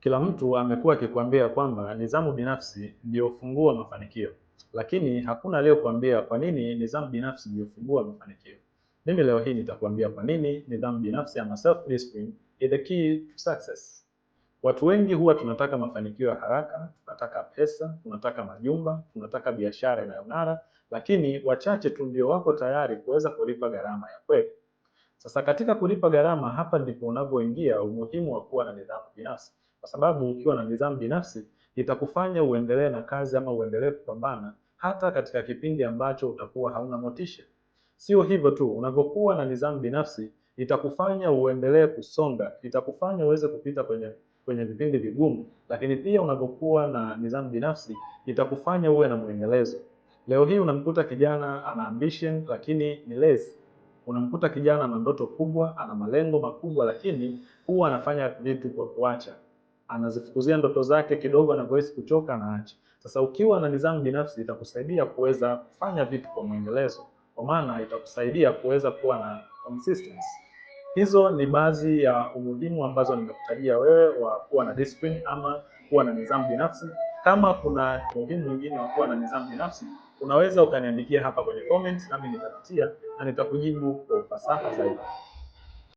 Kila mtu amekuwa akikwambia kwamba nidhamu binafsi ndio ufunguo wa mafanikio, lakini hakuna aliyokuambia kwa nini nidhamu binafsi ndio ufunguo wa mafanikio. Mimi leo hii nitakwambia kwa nini nidhamu binafsi ama self discipline is the key to success. Watu wengi huwa tunataka mafanikio ya haraka, tunataka pesa, tunataka majumba, tunataka biashara inayong'ara, lakini wachache tu ndio wako tayari kuweza kulipa gharama ya kweli. Sasa katika kulipa gharama, hapa ndipo unavyoingia umuhimu wa kuwa na nidhamu binafsi kwa sababu ukiwa na nidhamu binafsi itakufanya uendelee na kazi ama uendelee kupambana hata katika kipindi ambacho utakuwa hauna motisha. Sio hivyo tu, unavyokuwa na nidhamu binafsi itakufanya uendelee kusonga, itakufanya uweze kupita kwenye kwenye vipindi vigumu, lakini pia unavyokuwa na nidhamu binafsi itakufanya uwe na mwendelezo. Leo hii unamkuta kijana ana ambition lakini ni less. Unamkuta kijana ana ndoto kubwa, ana malengo makubwa, lakini huwa anafanya vitu kwa kuacha anazifukuzia ndoto zake kidogo, anavyohisi kuchoka anaacha. Sasa ukiwa na nidhamu binafsi, itakusaidia kuweza kufanya vitu kwa mwendelezo, kwa maana itakusaidia kuweza kuwa na consistency. Hizo ni baadhi ya umuhimu ambazo nimekutajia wewe wa kuwa na discipline ama kuwa na nidhamu binafsi. Kama kuna umuhimu mwingine wa kuwa na nidhamu binafsi, unaweza ukaniandikia hapa kwenye comments, nami nitapitia na nitakujibu kwa ufasaha zaidi.